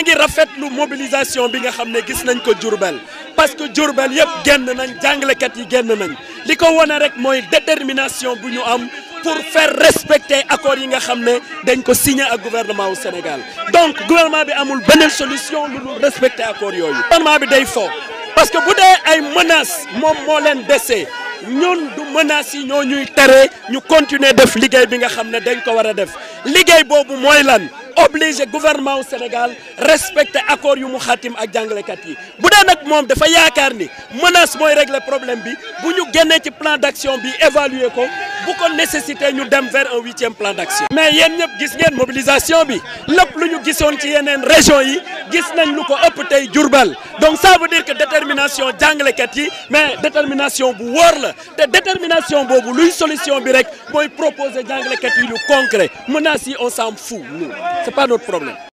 maa ngi rafetlu mobilisation bi nga xam ne gis nañ ko Diourbel parce que Diourbel yëpp génn nañ jàngalekat yi génn nañ li ko wane rek mooy détermination bu ñu am pour faire respecter accords yi nga xam ne dañ ko signé ak gouvernement wu Sénégal donc gouvernement bi amul beneen solution lu dul respecter accords yooyu. gouvernement bi day fo parce que bu dee ay menaces moom moo leen dese ñun du menaces yi ñoo ñuy tere ñu continuer def liggéey bi nga xam ne dañ ko war a def liggéey boobu mooy lan. obligé gouvernement wu Sénégal respecté accord yu mu xaatim ak jàngalekat yi bu dee moom dafa yaakaar ni menace mooy régler problème bi bu ñu génnee ci plan d'action bi évaluer ko bu ko nécessité ñu dem vers un huitième plan d'action mais yen ñëpp gis ngeen mobilisation bi lépp lu ñu gisoon ci yeneen région yi gis nañ lu ko ëpp tey Diourbel donc ça veut dire que détermination jàngalekat yi mais détermination bu wóor la te détermination boobu luy solution bi rek mooy proposer jàngalekat yi lu concret menaces yi on s'en fout nous c'est pas notre problème